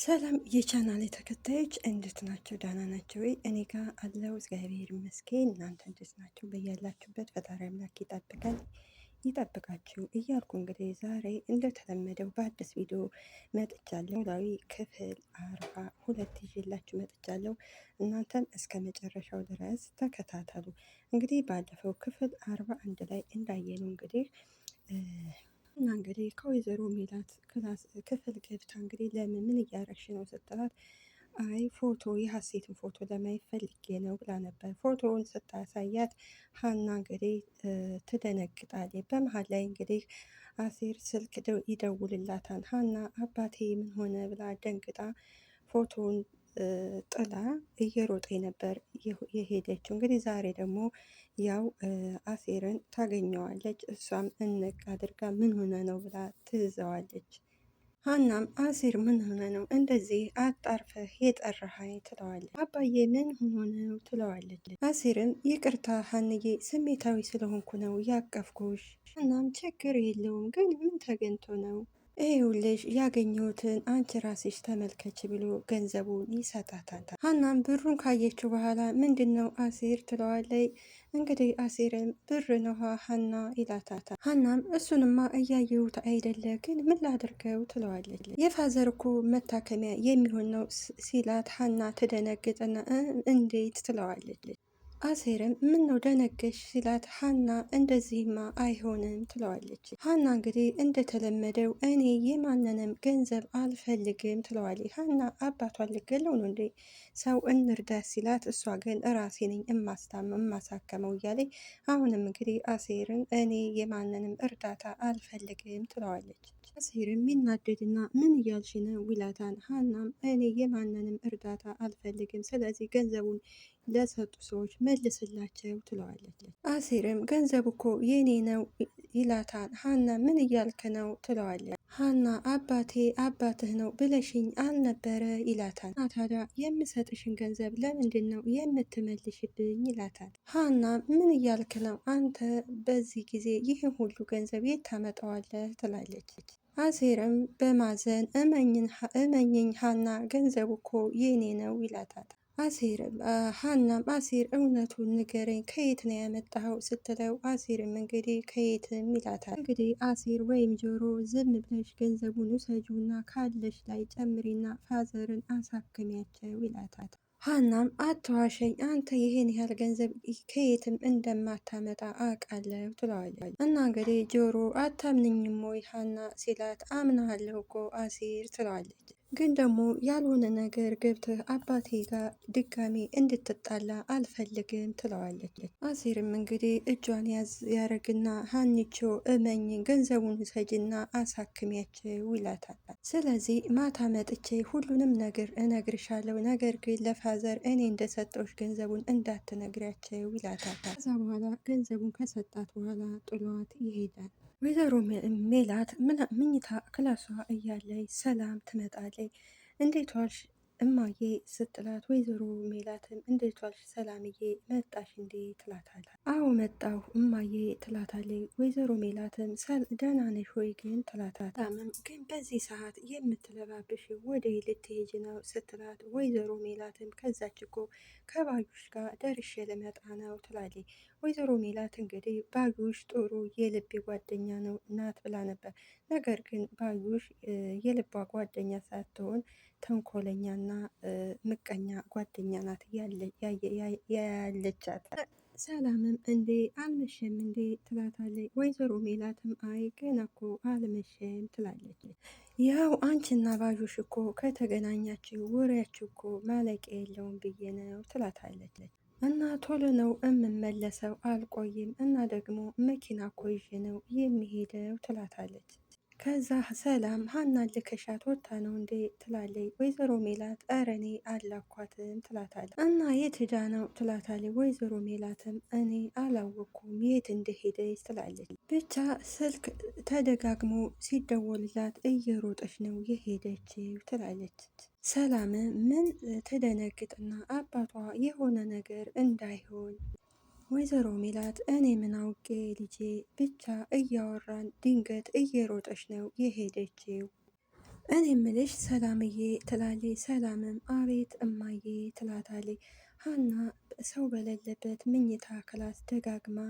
ሰላም የቻናል ተከታዮች እንዴት ናቸው? ደህና ናቸው ወይ? እኔ ጋር አለው እግዚአብሔር ይመስገን። እናንተ እንዴት ናቸው? በያላችሁበት ፈጣሪ አምላክ ይጠብቃል ይጠብቃችሁ እያልኩ እንግዲህ ዛሬ እንደተለመደው በአዲስ ቪዲዮ መጥቻለሁ። ኖላዊ ክፍል አርባ ሁለት ይዤላችሁ መጥቻለሁ። እናንተም እስከ መጨረሻው ድረስ ተከታተሉ። እንግዲህ ባለፈው ክፍል አርባ አንድ ላይ እንዳየነው እንግዲህ እና እንግዲህ ከወይዘሮ ሜላት ክፍል ገብታ እንግዲህ ለምን ምን እያረግሽ ነው ስትላት አይ ፎቶ የሀሴትን ፎቶ ለማየት ፈልጌ ነው ብላ ነበር። ፎቶውን ስታሳያት ሀና እንግዲህ ትደነግጣለች። በመሀል ላይ እንግዲህ አሴር ስልክ ይደውልላታል። ሀና አባቴ ምን ሆነ ብላ ደንግጣ ፎቶውን ጥላ እየሮጠ ነበር የሄደችው። እንግዲህ ዛሬ ደግሞ ያው አሴርን ታገኘዋለች። እሷም እንቅ አድርጋ ምን ሆነ ነው ብላ ትዘዋለች። ሀናም አሴር ምን ሆነ ነው እንደዚህ አጣርፈህ የጠራኸኝ? ትለዋለች። አባዬ ምን ሆነ ነው ትለዋለች። አሴርም ይቅርታ ሀንዬ፣ ስሜታዊ ስለሆንኩ ነው ያቀፍኩሽ። ሀናም ችግር የለውም ግን ምን ተገኝቶ ነው ይኸውልሽ ያገኘሁትን አንቺ ራስሽ ተመልከች ብሎ ገንዘቡን ይሰጣታል። ሀናም ብሩን ካየችው በኋላ ምንድን ነው አሴር ትለዋለይ። እንግዲህ አሴርም ብር ነዋ ሀና ይላታታል። ሀናም እሱንማ እያየሁት አይደለ ግን ምን ላድርገው ትለዋለች። የፋዘር እኮ መታከሚያ የሚሆን ነው ሲላት ሀና ትደነግጥና እንዴት ትለዋለች። አሴርም ምን ነው ደነገሽ ሲላት ሀና እንደዚህማ አይሆንም ትለዋለች። ሀና እንግዲህ እንደተለመደው እኔ የማንንም ገንዘብ አልፈልግም ትለዋለች። ሀና አባቷን ልገለው ነው እንዴ ሰው እንርዳ ሲላት እሷ ግን ራሴ ነኝ እማስታም እማሳከመው እያለ አሁንም እንግዲህ አሴርን እኔ የማንንም እርዳታ አልፈልግም ትለዋለች። አሴርም ይናደድና ምን እያልሽ ነው ይላታል። ሀናም እኔ የማንንም እርዳታ አልፈልግም ስለዚህ ገንዘቡን ለሰጡ ሰዎች መልስላቸው ትለዋለች። አሴርም ገንዘብ እኮ የኔ ነው ይላታል። ሀና ምን እያልክ ነው ትለዋለች። ሀና አባቴ አባትህ ነው ብለሽኝ አልነበረ ይላታል። እና ታዲያ የምሰጥሽን ገንዘብ ለምንድን ነው የምትመልሽብኝ ይላታል። ሀና ምን እያልክ ነው አንተ በዚህ ጊዜ ይህን ሁሉ ገንዘብ የት ታመጣዋለህ ትላለች። አሴርም በማዘን እመኝኝ ሀና ገንዘብ እኮ የኔ ነው ይላታል። አሲር ሀናም አሴር እውነቱን ንገረኝ ከየት ነው ያመጣኸው? ስትለው አሴርም እንግዲህ ከየት ይላታል። እንግዲህ አሲር ወይም ጆሮ ዝም ብለሽ ገንዘቡን ውሰጂና ካለሽ ላይ ጨምሪና ፋዘርን አሳክሚያቸው ይላታል። ሀናም አትዋሸኝ፣ አንተ ይሄን ያህል ገንዘብ ከየትም እንደማታመጣ አውቃለሁ ትለዋለች። እና እንግዲህ ጆሮ አታምንኝም ወይ ሀና ሲላት አምናለሁ እኮ አሲር ትለዋለች። ግን ደግሞ ያልሆነ ነገር ገብተህ አባቴ ጋር ድጋሜ እንድትጣላ አልፈልግም ትለዋለች። አሴርም እንግዲህ እጇን ያዝ ያረግና ሀኒቾ እመኝ ገንዘቡን ውሰጅና አሳክሚያቸው ይላታል። ስለዚህ ማታ መጥቼ ሁሉንም ነገር እነግርሻለሁ፣ ነገር ግን ለፋዘር እኔ እንደሰጠሁሽ ገንዘቡን እንዳትነግሪያቸው ይላታል። ከዛ በኋላ ገንዘቡን ከሰጣት በኋላ ጥሏት ይሄዳል። ወይዘሮ ሜላት ምኝታ ክላሷ እያለይ ሰላም ትመጣለች። እንዴት ዋልሽ እማዬ ስትላት ወይዘሮ ሜላትም እንዴት ዋልሽ ሰላምዬ መጣሽ እንዴ ትላታለች። አዎ መጣሁ እማዬ ትላታለች። ወይዘሮ ሜላትም ደህና ነሽ ወይ ግን ትላታት። በጣምም ግን በዚህ ሰዓት የምትለባብሽ ወደ ልትሄጅ ነው ስትላት፣ ወይዘሮ ሜላትም ከዛች እኮ ከባዩሽ ጋር ደርሼ ልመጣ ነው ትላለች። ወይዘሮ ሜላት እንግዲህ ባዩሽ ጥሩ የልቤ ጓደኛ ነው ናት ብላ ነበር። ነገር ግን ባዩሽ የልቧ ጓደኛ ሳትሆን ተንኮለኛና ምቀኛ ጓደኛ ናት ያለቻት። ሰላምም እንዴ አልመሸም እንዴ ትላታለች። ወይዘሮ ሜላትም አይ ገና እኮ አልመሸም ትላለች። ያው አንቺና ባዦሽ እኮ ከተገናኛችሁ ወሬያችሁ እኮ ማለቂያ የለውም ብዬ ነው ትላታለች። እና ቶሎ ነው እምመለሰው አልቆይም፣ እና ደግሞ መኪና እኮ ይዤ ነው የሚሄደው ትላታለች። ከዛ ሰላም ሀና ልከሻት ወታ ነው እንዴ ትላለች ወይዘሮ ሜላት እረኔ አላኳትም ትላታለ። እና የት ሄዳ ነው ትላታለ። ወይዘሮ ሜላትም እኔ አላወኩም የት እንደሄደች ትላለች። ብቻ ስልክ ተደጋግሞ ሲደወልላት እየሮጠች ነው የሄደችው ትላለች። ሰላም ምን ትደነግጥና አባቷ የሆነ ነገር እንዳይሆን ወይዘሮ ሜላት እኔ ምን አውቄ ልጄ፣ ብቻ እያወራን ድንገት እየሮጠች ነው የሄደችው። እኔ ምልሽ ሰላምዬ ትላለች። ሰላምም አቤት እማዬ ትላታለች። ሀና ሰው በሌለበት ምኝታ ክላስ ደጋግማ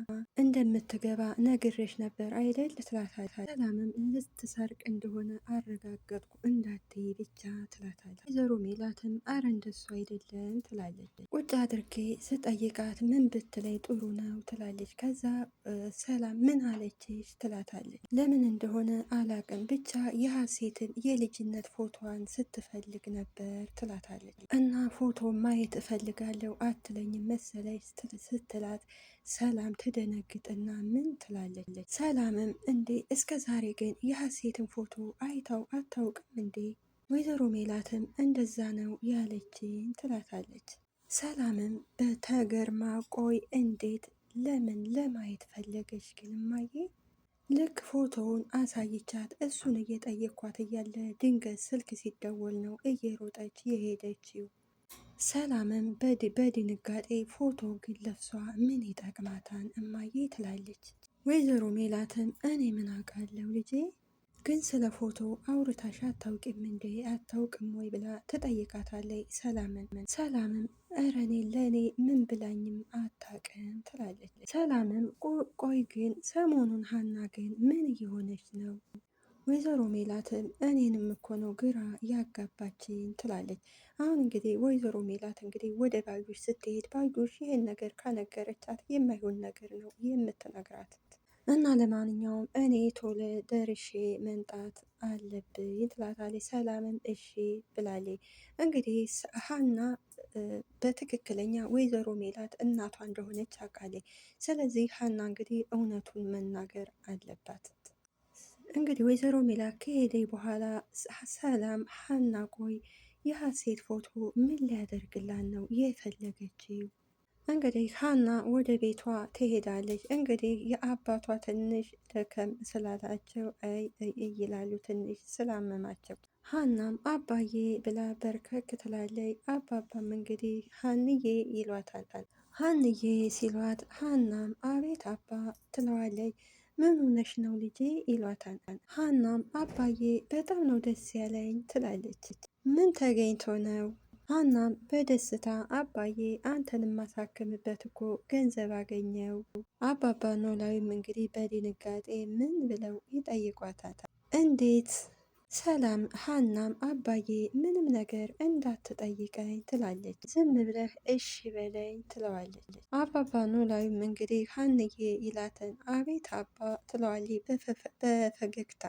እንደምትገባ ነግሬሽ ነበር አይደል? ትላታለች። ሰላምም ልትሰርቅ እንደሆነ አረጋገጥኩ እንዳትይ ብቻ ትላታለች። ወይዘሮ ሜላትም አረ እንደሱ አይደለም ትላለች። ቁጭ አድርጌ ስጠይቃት ምን ብትለይ ጥሩ ነው ትላለች። ከዛ ሰላም ምን አለችሽ ትላታለች። ለምን እንደሆነ አላቅም ብቻ የሀሴትን የልጅነት ፎቶዋን ስትፈልግ ነበር ትላታለች። እና ፎቶ ማየት እፈልጋለሁ እችላለሁ አትለኝ መሰለኝ ስትላት ሰላም ትደነግጥና ምን ትላለች። ሰላምም እንዴ እስከ ዛሬ ግን የሀሴትን ፎቶ አይታው አታውቅም እንዴ? ወይዘሮ ሜላትም እንደዛ ነው ያለችኝ ትላታለች። ሰላምም በተገርማ ቆይ እንዴት ለምን ለማየት ፈለገች ግን ማየ ልክ ፎቶውን አሳይቻት እሱን እየጠየኳት እያለ ድንገት ስልክ ሲደወል ነው እየሮጠች የሄደችው። ሰላምም በድንጋጤ ፎቶ ግለፍሷ ምን ይጠቅማታን እማዬ ትላለች። ወይዘሮ ሜላትም እኔ ምን አውቃለሁ ልጄ ግን ስለ ፎቶ አውርታሽ አታውቂም እንዴ አታውቅም ወይ ብላ ትጠይቃታለች። ሰላምን ሰላምም እረ እኔ ለእኔ ምን ብላኝም አታውቅም ትላለች። ሰላምም ቆይ ግን ሰሞኑን ሀና ግን ምን እየሆነች ነው? ወይዘሮ ሜላትም እኔንም እኮ ነው ግራ ያጋባችኝ ትላለች። አሁን እንግዲህ ወይዘሮ ሜላት እንግዲህ ወደ ባዩሽ ስትሄድ ባዩሽ ይህን ነገር ካነገረቻት የማይሆን ነገር ነው የምትነግራት እና ለማንኛውም እኔ ቶሎ ደርሼ መምጣት አለብኝ ትላታለች። ሰላምም እሺ ብላለች። እንግዲህ ሀና በትክክለኛ ወይዘሮ ሜላት እናቷ እንደሆነች አውቃለች። ስለዚህ ሀና እንግዲህ እውነቱን መናገር አለባት። እንግዲህ ወይዘሮ ሜላት ከሄደይ በኋላ ሰላም ሀና ቆይ የሀሴት ፎቶ ምን ሊያደርግላን ነው የፈለገችው? እንግዲህ ሀና ወደ ቤቷ ትሄዳለች። እንግዲህ የአባቷ ትንሽ ደከም ስላላቸው አይ ይላሉ፣ ትንሽ ስላመማቸው። ሀናም አባዬ ብላ በርከክ ትላለች። አባባም እንግዲህ ሀንዬ ይሏታል። ሀንዬ ሲሏት ሀናም አቤት አባ ትለዋለች። ምን ሆነሽ ነው ልጄ ይሏታል። ሀናም አባዬ በጣም ነው ደስ ያለኝ ትላለች። ምን ተገኝቶ ነው? ሀናም በደስታ አባዬ አንተን የማሳክምበት እኮ ገንዘብ አገኘው። አባባ ኖላዊም እንግዲህ በድንጋጤ ምን ብለው ይጠይቋታል። እንዴት ሰላም ሀናም አባዬ ምንም ነገር እንዳትጠይቀኝ ትላለች። ዝም ብለህ እሺ በለኝ ትለዋለች። አባባ ኖላዊም እንግዲህ ሀንዬ ይላትን አቤት አባ ትለዋለች በፈገግታ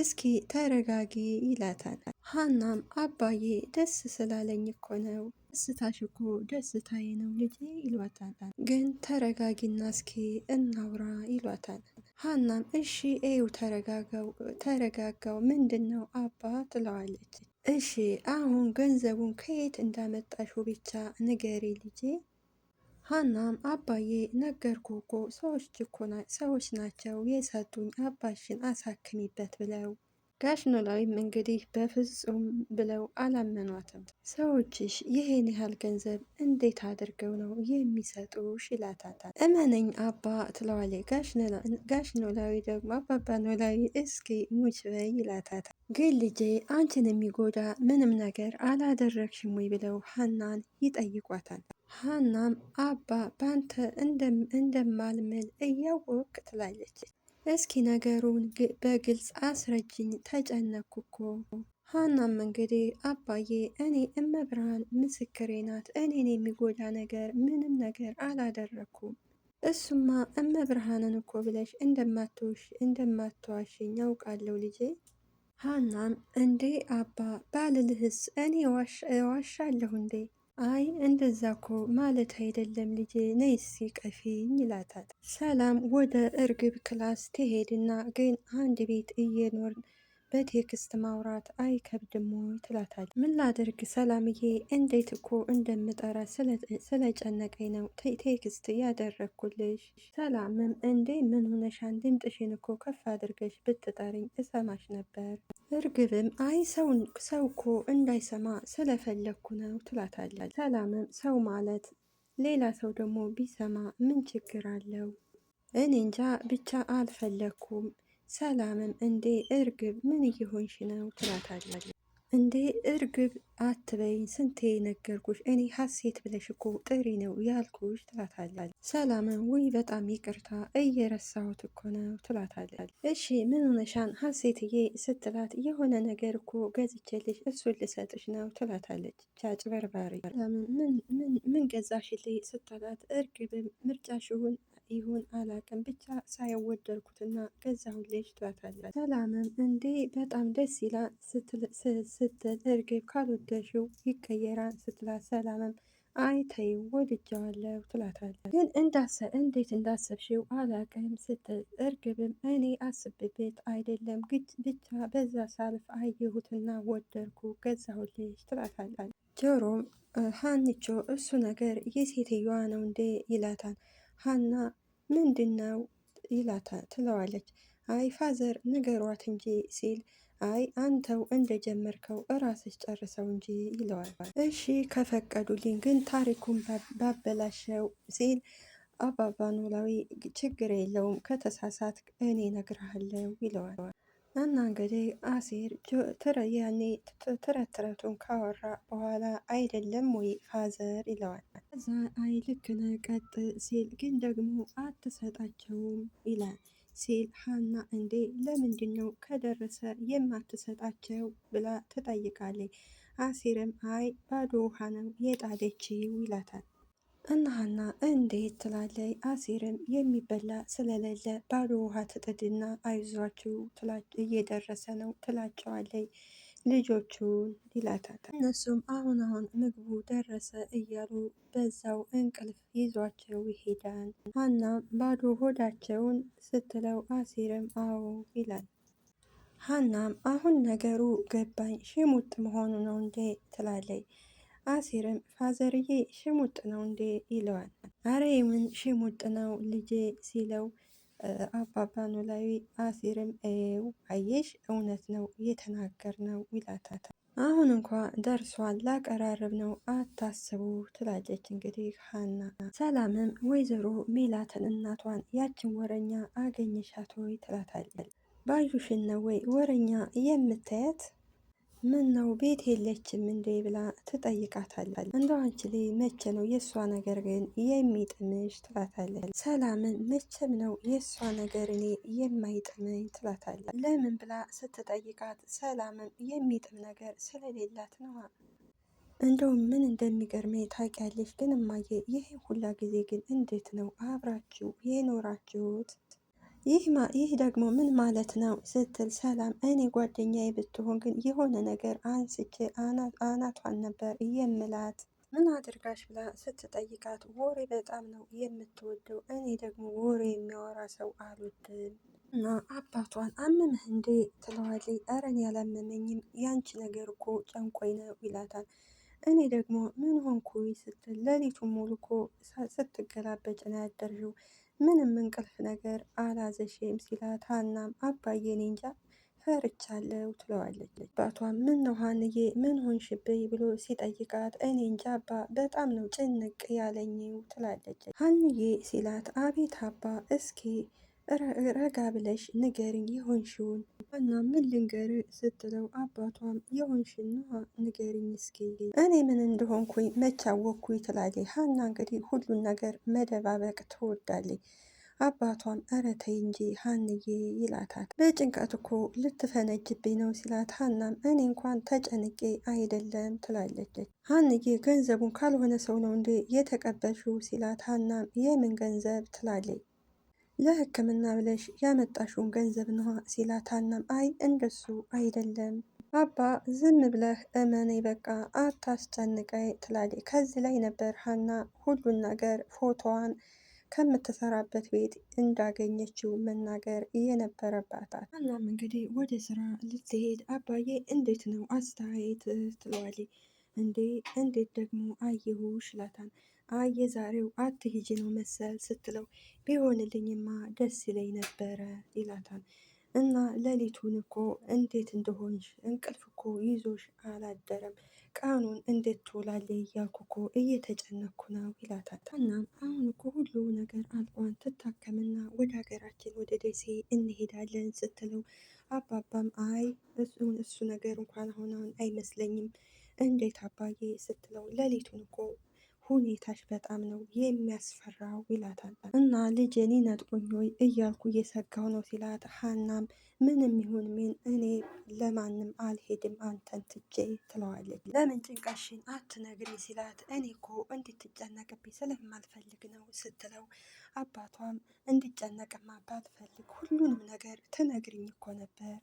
እስኪ ተረጋጊ ይላታል። ሀናም አባዬ ደስ ስላለኝ እኮ ነው፣ ደስታሽ እኮ ደስታዬ ነው ልጄ ይሏታል። ግን ተረጋጊና እስኪ እናውራ ይሏታል። ሀናም እሺ ኤው ተረጋጋው፣ ምንድን ነው አባ ትለዋለች። እሺ አሁን ገንዘቡን ከየት እንዳመጣሹ ብቻ ንገሪ ልጄ ሀናም አባዬ ነገር እኮ ሰዎች ችኮና ሰዎች ናቸው የሰጡኝ አባሽን አሳክሚበት ብለው ጋሽ ኖላዊም እንግዲህ በፍጹም ብለው አላመኗትም። ሰዎችሽ ይሄን ያህል ገንዘብ እንዴት አድርገው ነው የሚሰጡሽ? ይላታታል። እመነኝ አባ ትለዋለች። ጋሽ ኖላዊ ደግሞ አባባ ኖላዊ እስኪ ሙች በይ ይላታታል። ግን ልጄ አንቺን የሚጎዳ ምንም ነገር አላደረግሽም ወይ ብለው ሀናን ይጠይቋታል። ሀናም አባ ባንተ እንደማልምል እያወቅ ትላለች። እስኪ ነገሩን በግልጽ አስረጅኝ ተጨነኩ እኮ። ሀናም እንግዲህ አባዬ እኔ እመብርሃን ምስክሬ ናት። እኔን የሚጎዳ ነገር ምንም ነገር አላደረኩም። እሱማ እመብርሃንን እኮ ብለሽ እንደማትዋሽ እንደማትዋሽኝ ያውቃለሁ ልጄ። ሀናም እንዴ አባ ባልልህስ እኔ ዋሻለሁ እንዴ አይ እንደዛ ማለት አይደለም ልጄ ነይ ቀፊኝ ይላታል። ሰላም ወደ እርግብ ክላስ ትሄድና ግን አንድ ቤት እየኖርን በቴክስት ማውራት አይከብድም ወይ ትላታለች። ምን ላድርግ ሰላምዬ፣ እንዴት እኮ እንደምጠራ ስለጨነቀኝ ነው ቴክስት ያደረግኩልሽ። ሰላምም እንዴ ምን ሆነሻን? ድምጥሽን እኮ ከፍ አድርገሽ ብትጠሪኝ እሰማሽ ነበር። እርግብም አይ ሰው እኮ እንዳይሰማ ስለፈለግኩ ነው ትላታለች። ሰላምም ሰው ማለት ሌላ ሰው ደግሞ ቢሰማ ምን ችግር አለው? እኔ እንጃ ብቻ አልፈለግኩም ሰላምም እንዴ እርግብ ምን እየሆንሽ ነው ትላታለች። እንዴ እርግብ አትበይኝ፣ ስንቴ ነገርኩሽ እኔ ሀሴት ብለሽ እኮ ጥሪ ነው ያልኩሽ ትላታለች። ሰላምም ውይ በጣም ይቅርታ እየረሳሁት እኮ ነው ትላታለች። እሺ ምን ሆነሻን ሀሴትዬ ስትላት የሆነ ነገር እኮ ገዝቼልሽ እሱን ልሰጥሽ ነው ትላታለች። ቻጭ በርባሪ ምን ገዛሽልኝ ስትላት እርግብም ምርጫሽውን ይሁን አላቅም ብቻ ሳይወደድኩትና ገዛሁን ልጅ ትላታለች። ሰላምም እንዴ በጣም ደስ ይላል ስትል እርግብ ካልወደሽው ይቀየራል ስትላት ሰላምም አይ ተይው ወድጃዋለሁ ትላታለች። ግን እንዳሰ እንዴት እንዳሰብሽው አላቅም ስትል እርግብም እኔ አስብቤት አይደለም ብቻ በዛ ሳልፍ አየሁትና ወደድኩ ገዛሁን ልጅ ትላታለች። ጆሮም ሀንቾ እሱ ነገር የሴትየዋ ነው እንዴ ይላታል። ሀና ምንድን ነው ይላታ ትለዋለች። አይ ፋዘር ንገሯት እንጂ ሲል አይ አንተው እንደጀመርከው እራስሽ ጨርሰው እንጂ ይለዋል። እሺ ከፈቀዱልኝ ግን ታሪኩን ባበላሸው ሲል አባባ ኖላዊ ችግር የለውም ከተሳሳት እኔ ነግርሃለው ይለዋል። እና እንግዲህ አሲር ያኔ ተረት ተረቱን ካወራ በኋላ አይደለም ወይ ፋዘር ይለዋል። ከዛ አይ ልክ ነህ ቀጥ ሲል ግን ደግሞ አትሰጣቸውም ይላል ሲል ሀና እንዴ ለምንድን ነው ከደረሰ የማትሰጣቸው ብላ ትጠይቃለች። አሲርም አይ ባዶ ውሃ ነው የጣለችው ይላታል። እና ሀና እንዴት ትላለይ። አሲርም የሚበላ ስለሌለ ባዶ ውሃ ትጥድና አይዟችሁ እየደረሰ ነው ትላቸዋለይ ልጆቹን ይላታል። እነሱም አሁን አሁን ምግቡ ደረሰ እያሉ በዛው እንቅልፍ ይዟቸው ይሄዳል። ሀናም ባዶ ሆዳቸውን ስትለው አሲርም አዎ ይላል። ሀናም አሁን ነገሩ ገባኝ ሽሙጥ መሆኑ ነው እንዴ ትላለይ። አሴርም ፋዘርዬ ሽሙጥ ነው እንዴ ይለዋል። አረ የምን ሽሙጥ ነው ልጄ ሲለው አባባ ኖላዊ አሲርም ኤው አየሽ እውነት ነው እየተናገር ነው ይላታታ አሁን እንኳ ደርሷል ላቀራርብ ነው አታስቡ ትላለች። እንግዲህ ሀና ሰላምም ወይዘሮ ሜላትን እናቷን ያችን ወረኛ አገኘሻት ወይ ትላታለች። ባዩሽን ነው ወይ ወረኛ የምታያት ምን ነው ቤት የለችም እንዴ ብላ ትጠይቃታለች። እንደው አንቺ ላይ መቼ ነው የእሷ ነገር ግን የሚጥምሽ ትላታለች። ሰላምን መቼም ነው የእሷ ነገር እኔ የማይጥመኝ ትላታለች። ለምን ብላ ስትጠይቃት ሰላምም የሚጥም ነገር ስለሌላት ነው። እንደውም ምን እንደሚገርመኝ ታውቂያለሽ? ግን እማዬ ይሄ ሁላ ጊዜ ግን እንዴት ነው አብራችሁ የኖራችሁት? ይህ ደግሞ ምን ማለት ነው ስትል ሰላም እኔ ጓደኛዬ ብትሆን ግን የሆነ ነገር አንስቼ አናቷን ነበር የምላት ምን አድርጋሽ ብላ ስትጠይቃት ወሬ በጣም ነው የምትወደው። እኔ ደግሞ ወሬ የሚያወራ ሰው አልወድም እና አባቷን አመመህ እንዴ ትለዋለች። ኧረ እኔ አላመመኝም ያንቺ ነገር እኮ ጨንቆኝ ነው ይላታል። እኔ ደግሞ ምን ሆንኩኝ ስትል ሌሊቱን ሙሉ እኮ ስትገላበጭ ነው ያደርሽው ምንም እንቅልፍ ነገር አላዘሽም ሲላት ሀናም አባዬ እኔ እንጃ ፈርቻለሁ ትለዋለች። አባቷ ምን ነው ሀንዬ ምን ሆንሽብኝ ብሎ ሲጠይቃት እኔ እንጃ አባ በጣም ነው ጭንቅ ያለኝው ትላለች። ሀንዬ ሲላት አቤት አባ እስኪ ረጋ ብለሽ ንገርኝ የሆንሽውን እና ምን ልንገር ስትለው አባቷም የሆንሽ ነዋ እስኪ እኔ ምን እንደሆንኩኝ መቻወኩኝ ትላለች ሀና እንግዲህ ሁሉን ነገር መደባበቅ ትወዳለች አባቷም ኧረ ተይ እንጂ ሀንዬ ይላታል። በጭንቀት እኮ ልትፈነጅብኝ ነው ሲላት ሀናም እኔ እንኳን ተጨንቄ አይደለም ትላለች። ሀንዬ ገንዘቡን ካልሆነ ሰው ነው እንዴ የተቀበልሽው ሲላት ሀናም የምን ገንዘብ ትላለች። ለህክምና ብለሽ ያመጣሽውን ገንዘብ ነዋ ሲላታናም አይ እንደሱ አይደለም አባ ዝም ብለህ እመነኝ በቃ አታስጨንቀይ ትላለች። ከዚህ ላይ ነበር ሀና ሁሉን ነገር ፎቶዋን ከምትሰራበት ቤት እንዳገኘችው መናገር የነበረባታል። ሀናም እንግዲህ ወደ ስራ ልትሄድ አባዬ እንዴት ነው አስተያየት ትለዋለች። እንዴ እንዴት ደግሞ አየሁ ሽላታን አይ የዛሬው አትሂጂ ነው መሰል ስትለው ቢሆንልኝማ ደስ ይለኝ ነበረ ይላታል። እና ሌሊቱን እኮ እንዴት እንደሆንሽ እንቅልፍ እኮ ይዞሽ አላደረም። ቃኑን እንዴት ትውላለች እያልኩ እኮ እየተጨነኩ ነው ይላታል። እናም አሁን እኮ ሁሉ ነገር አልቋን ትታከምና ወደ ሀገራችን ወደ ደሴ እንሄዳለን ስትለው አባባም አይ እሱ ነገር እንኳን አሁን አሁን አይመስለኝም እንዴት አባዬ ስትለው ሌሊቱን እኮ ሁኔታሽ በጣም ነው የሚያስፈራው ይላታል። እና ልጄን ይነጥቁኝ ወይ እያልኩ እየሰጋው ነው ሲላት፣ ሀናም ምንም ይሁን ምን እኔ ለማንም አልሄድም አንተን ትቼ ትለዋለች። ለምን ጭንቀሽን አትነግሪ ሲላት፣ እኔ እኮ እንድትጨነቅብኝ ስለማልፈልግ ነው ስትለው፣ አባቷም እንድጨነቅማ ባትፈልግ ሁሉንም ነገር ትነግርኝ እኮ ነበር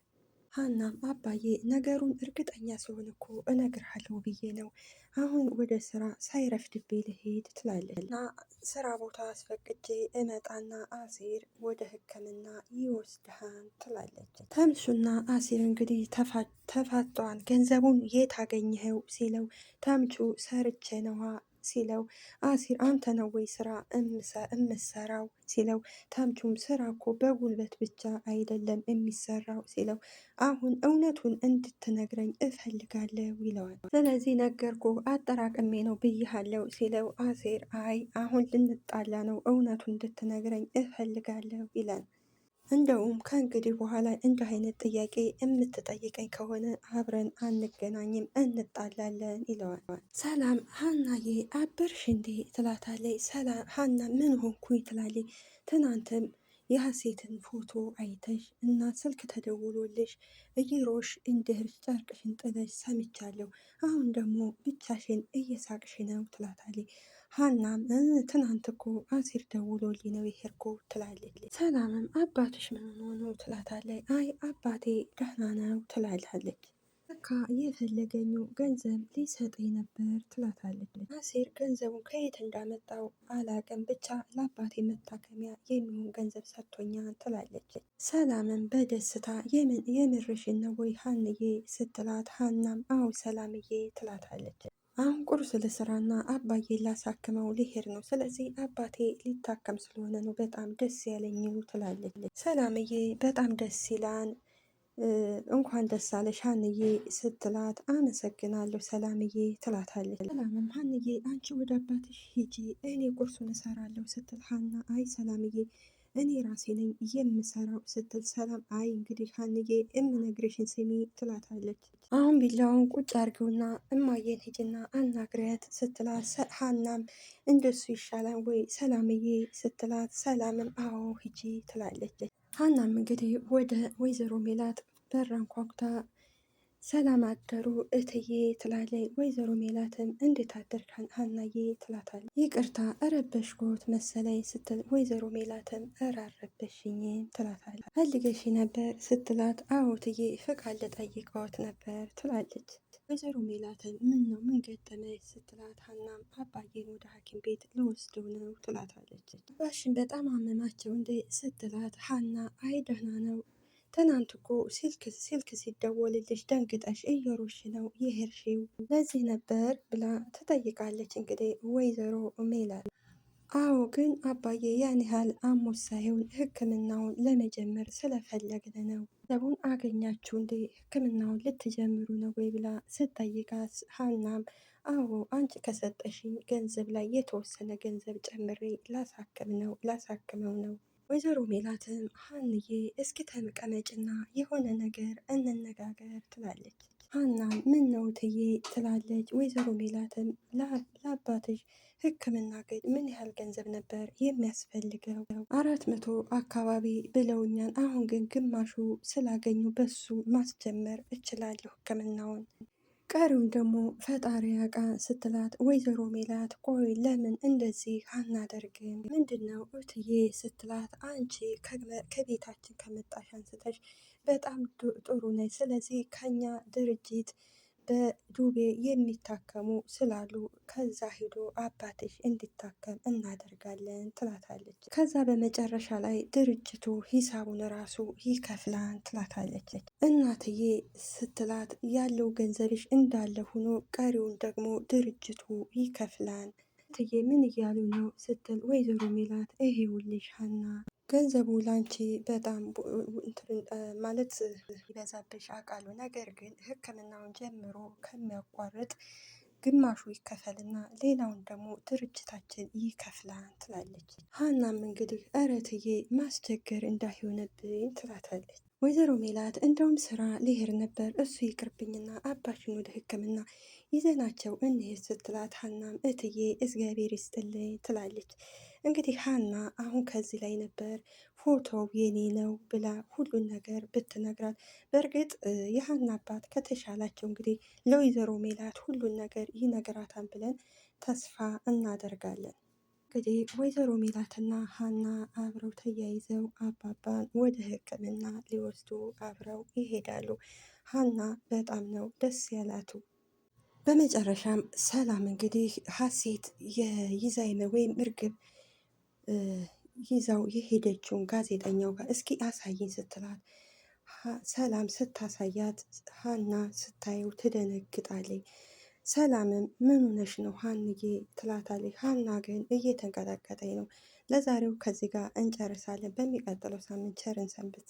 ሀናም አባዬ ነገሩን እርግጠኛ ሲሆን እኮ እነግርሃለሁ ብዬ ነው አሁን ወደ ስራ ሳይረፍድብኝ ልሄድ ትላለች እና ስራ ቦታ አስፈቅጄ እመጣና አሴር ወደ ሕክምና ይወስድሃን ትላለች። ተምቹና አሴር እንግዲህ ተፋጧን። ገንዘቡን የት አገኘኸው ሲለው ተምቹ ሰርቼ ነዋ ሲለው አሲር አንተ ነው ወይ ስራ እምሰራው ሲለው ታምቹም ስራ እኮ በጉልበት ብቻ አይደለም የሚሰራው ሲለው አሁን እውነቱን እንድትነግረኝ እፈልጋለሁ ይለዋል። ስለዚህ ነገርኩ አጠራቅሜ ነው ብያሃለው ሲለው አሴር አይ አሁን ልንጣላ ነው እውነቱን እንድትነግረኝ እፈልጋለሁ ይላል። እንደውም ከእንግዲህ በኋላ እንዲህ አይነት ጥያቄ የምትጠይቀኝ ከሆነ አብረን አንገናኝም፣ እንጣላለን ይለዋል። ሰላም ሀናዬ አበርሽ እንዴ ትላታለች። ሰላም ሀና ምን ሆንኩኝ ትላለች። ትናንትም የሀሴትን ፎቶ አይተሽ እና ስልክ ተደውሎልሽ እየሮሽ እንድህል ጨርቅሽን ጥለሽ ሰምቻለሁ። አሁን ደግሞ ብቻሽን እየሳቅሽ ነው ትላታለች። ሀናም ትናንት እኮ አሲር ደውሎልኝ ነው የሄድኩት ትላለች። ሰላምም አባትሽ ምን ሆኖ ነው ትላታለች። አይ አባቴ ደህና ነው ትላላለች። ለካ የፈለገኙ ገንዘብ ሊሰጠኝ ነበር ትላታለች። አሲር ገንዘቡን ከየት እንዳመጣው አላቅም፣ ብቻ ለአባቴ መታከሚያ የሚሆን ገንዘብ ሰጥቶኛ ትላለች። ሰላምን በደስታ የምርሽን ነው ወይ ሀንዬ ስትላት፣ ሀናም አዎ ሰላምዬ ትላታለች። አሁን ቁርስ ልስራና አባዬ ላሳክመው ሊሄድ ነው። ስለዚህ አባቴ ሊታከም ስለሆነ ነው በጣም ደስ ያለኝ ትላለች ሰላምዬ። በጣም ደስ ይላል፣ እንኳን ደስ አለሽ ሀንዬ ስትላት አመሰግናለሁ ሰላምዬ ትላታለች። ሰላምም ሀንዬ አንቺ ወደ አባትሽ ሂጂ፣ እኔ ቁርሱን እሰራለሁ ስትል ሀና አይ ሰላምዬ እኔ ራሴ ነኝ የምሰራው ስትል ሰላም አይ እንግዲህ ሀንዬ የምነግርሽን ስሚ ትላታለች። አሁን ቢላውን ቁጭ አርጊውና እማየን ሂጅና አናግሪያት ስትላት ሀናም እንደሱ ይሻላል ወይ ሰላምዬ ስትላት ሰላምም አዎ ሂጂ ትላለች። ሀናም እንግዲህ ወደ ወይዘሮ ሜላት በራን ኳኩታ ሰላም አደሩ እትዬ ትላለች። ወይዘሮ ሜላትም እንዴት አደርክ ሀናዬ ትላታለች። ይቅርታ እረበሽኮት መሰለኝ ስትል ወይዘሮ ሜላትም እረ አረበሽኝም ትላታለች። ፈልገሽ ነበር ስትላት አዎ እትዬ ፍቃድ ልጠይቅዎት ነበር ትላለች። ወይዘሮ ሜላትም ምን ነው ምን ገጠመች ስትላት ሀናም አባዬን ወደ ሐኪም ቤት ልወስደው ነው ትላታለች። አባሽን በጣም አመማቸው እንዴ ስትላት ሀና አይ ደህና ነው ትናንት እኮ ስልክ ስልክ ሲደወልልሽ ደንግጠሽ እየሮሽ ነው የሄድሽው ለዚህ ነበር ብላ ትጠይቃለች። እንግዲህ ወይዘሮ ሜላት አዎ፣ ግን አባዬ ያን ያህል አሞት ሳይሆን ሕክምናውን ለመጀመር ስለፈለግን ነው። ሰቡን አገኛችሁ እንዴ ሕክምናውን ልትጀምሩ ነው ወይ ብላ ስጠይቃት ሀናም አዎ አንቺ ከሰጠሽኝ ገንዘብ ላይ የተወሰነ ገንዘብ ጨምሬ ላሳክም ነው ላሳክመው ነው ወይዘሮ ሜላትም ሀንዬ እስኪ ተቀመጭና የሆነ ነገር እንነጋገር ትላለች። ሀናም ምን ነው ትዬ ትላለች። ወይዘሮ ሜላትም ለአባትሽ ሕክምና ግን ምን ያህል ገንዘብ ነበር የሚያስፈልገው? አራት መቶ አካባቢ ብለውኛል። አሁን ግን ግማሹ ስላገኙ በሱ ማስጀመር እችላለሁ ሕክምናውን ቀሪውን ደግሞ ፈጣሪ ያቃ ስትላት ወይዘሮ ሜላት ቆይ ለምን እንደዚህ አናደርግም? ምንድን ነው እትዬ ስትላት አንቺ ከቤታችን ከመጣሽ አንስተሽ በጣም ጥሩ ነች። ስለዚህ ከኛ ድርጅት በዱቤ የሚታከሙ ስላሉ ከዛ ሄዶ አባትሽ እንዲታከም እናደርጋለን ትላታለች። ከዛ በመጨረሻ ላይ ድርጅቱ ሂሳቡን ራሱ ይከፍላን ትላታለች። እናትዬ ስትላት ያለው ገንዘብሽ እንዳለ ሆኖ ቀሪውን ደግሞ ድርጅቱ ይከፍላን። እናትዬ ምን እያሉ ነው ስትል ወይዘሮ ሜላት ይሄውልሽ ሀና ገንዘቡ ላንቺ በጣም ማለት ይበዛብሽ አቃሉ ነገር ግን ህክምናውን ጀምሮ ከሚያቋርጥ ግማሹ ይከፈልና ሌላውን ደግሞ ድርጅታችን ይከፍላል ትላለች። ሀናም እንግዲህ ኧረ ማስቸገር እንዳይሆንብኝ ትላታለች። ወይዘሮ ሜላት እንደውም ስራ ሊሄድ ነበር እሱ ይቅርብኝና አባሽን ወደ ህክምና ይዘናቸው እንሄድ ስትላት ሀናም እትዬ እግዚአብሔር ይስጥልኝ ትላለች። እንግዲህ ሀና አሁን ከዚህ ላይ ነበር ፎቶው የኔ ነው ብላ ሁሉን ነገር ብትነግራት፣ በእርግጥ የሀና አባት ከተሻላቸው እንግዲህ ለወይዘሮ ሜላት ሁሉን ነገር ይነግራታል ብለን ተስፋ እናደርጋለን። እንግዲህ ወይዘሮ ሜላትና ሀና አብረው ተያይዘው አባባን ወደ ሕክምና ሊወስዱ አብረው ይሄዳሉ። ሀና በጣም ነው ደስ ያላቱ። በመጨረሻም ሰላም እንግዲህ ሀሴት የይዛይነ ወይም እርግብ ይዛው የሄደችውን ጋዜጠኛው ጋር እስኪ አሳይኝ ስትላት ሰላም ስታሳያት ሀና ስታየው ትደነግጣለች። ሰላምም ምን ሆነሽ ነው ሀንዬ ትላታለች። ሀና ግን እየተንቀጠቀጠኝ ነው። ለዛሬው ከዚህ ጋር እንጨርሳለን። በሚቀጥለው ሳምንት ቸርን ሰንብት።